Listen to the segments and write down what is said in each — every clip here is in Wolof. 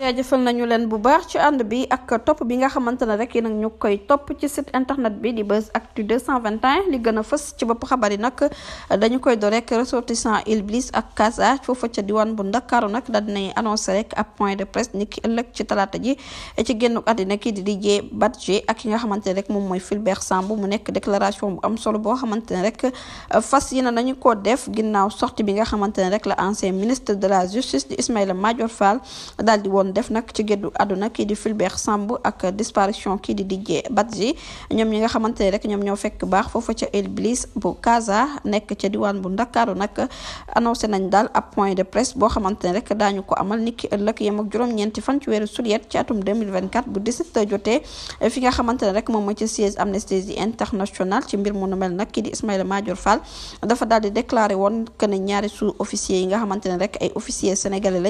jaajëfal nañu leen bu baax ci ànd bi ak topp bi nga xamante ne rek yéen a ñu koy topp ci site internet bi di Buzz Actu 221 li gën a fës ci bopp xabar yi nag dañu koy do rek ressortissant Iblis ak Casa foofa ca diwaan bu Ndakaaru nag daal dinañ annoncé rek ab point de presse ni ki ëllëg ci talaata ji ci génnu àddina ki di DJ Badji ak ki nga xamante ne rek moom mooy Fulbert Sambou mu nekk déclaration bu am solo boo xamante ne rek fas yéene nañu ko def ginnaaw sortie bi nga xamante ne rek la ancien ministre de la justice di Ismaïla Madior Fall daal doon def nag ci géddu àdduna kii di Fulbert Samb ak disparition kii di Didier Badji ñoom ñi ne rek ñoom ñoo fekk baax foofu ca Elblis bu Casa nekk ca diwaan bu Ndakaaru nag annoncé nañ daal ab point de presse boo xamante rek daañu ko amal niki ëllëg yem juróom-ñeenti fan ci weeru sulet ci atum bu 17 jotee fi nga xamante rek moom mooy ci siège Amnesty International ci mbir mu nu nag kii Ismaïla Madior Fall dafa daal di déclaré woon que ne yi nga xamante ne rek ay officiers sénégalais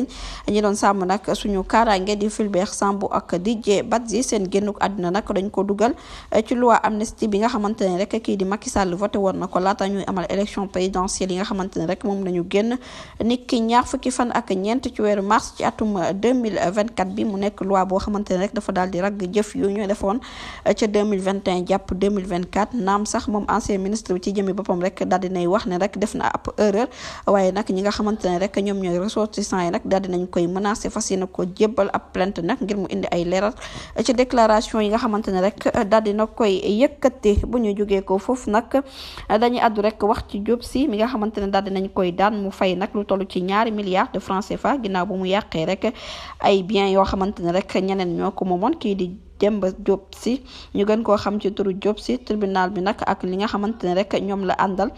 kaaraange di Fulbert Sambou ak DJ Badji seen génnuk àddina nag dañ ko dugal eh, ci loi amnistie bi nga xamante ne rek kii di Macky Sall voté woon na ko laata ñuy amal élection présidentielle yi nga xamante moom nañu génn nit ki fukki fan ak ñeent ci weeru mars ci atum 2024 bi mu nekk loi boo xamante rek dafa daal di ragg jëf yu ñu defoon eh, ca 2021 jàpp 2024 naam sax moom ancien ministre bi ci jëmi boppam rek daal dinay wax ne rek def na ab erreur waaye nag nga xamante rek ñoom ñooy ressortissants yi jébbal ab plainte nag ngir mu indi ay leeral ci déclaration yi nga xamante ne rek euh, daal dina koy yëkkati bu ñu jógee ko foofu nag euh, dañuy addu rek wax ci Diop Sy mi nga xamante ne daal dinañ koy daan mu fay nag lu toll ci ñaari milliards de francs CFA ginnaaw bu mu yàqee rek ay bien yoo xamante ne rek ñeneen ñoo ko moomoon kii di Demba Diop Sy ñu gën koo xam ci turu Diop Sy tribunal bi nag ak li nga xamante ne rek ñoom la àndal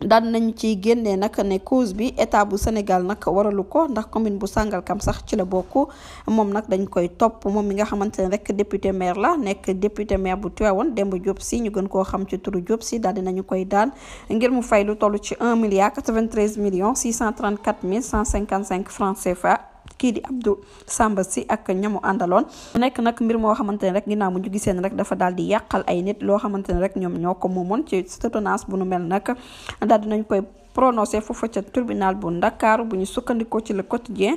daan nañu ci génne nag ne cause bi état bu Sénégal nag waralu ko ndax commune bu kam sax ci la bokk moom nag dañu koy topp moom mi nga xamante ne rek député maire la nekk député maire bu Tivaouane demb Diop Sy ñu gën koo xam ci turu Diop Sy daal dinañu koy daan ngir mu fay lu toll ci million milliard 93 millions 634 mille 155 francs fa kii di Abdou sàmba si ak ñamu àndaloon nekk nag mbir moo xamante ne rek ginnaaw mu ñu gisee ne rek dafa daal di yàqal ay nit loo xamante ne rek ñoom ñoo ko moomoon ci soutenance bu nu mel nag daal dinañ koy prononcé foofa ca tribunal bu Ndakaaru bu ñu sukkandikoo ci le quotidien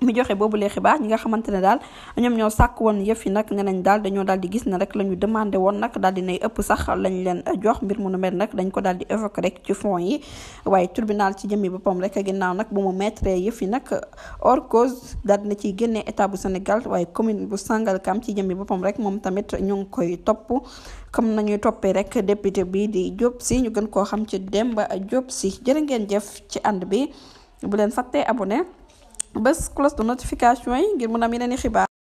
mi joxe boobu lee xibaax ñi nga xamante ne daal ñoom ñoo sàkk woon yëf yi nag ne nañ daal dañoo daal di gis ne rek la ñu demandé woon nag daal di nay ëpp sax lañ leen jox mbir mu nu mel nag dañ ko daal di évoqué rek ci fonds yi waaye tribunal ci jëmmi boppam rek ginnaaw nag bu mu mettre yëf yi nag hors cause daal di na ciy génnee état bu Sénégal waaye commune bu Sangalkam ci jëmmi boppam rek moom tamit ñu ngi koy topp comme nañuy toppee rek député bi di Diop Sy ñu gën koo xam ci Demba Diop Sy jërë ngeen jëf ci ànd bi bu leen fàttee abonné bés cloche de notification yi ngir mun am yeneen i xibaar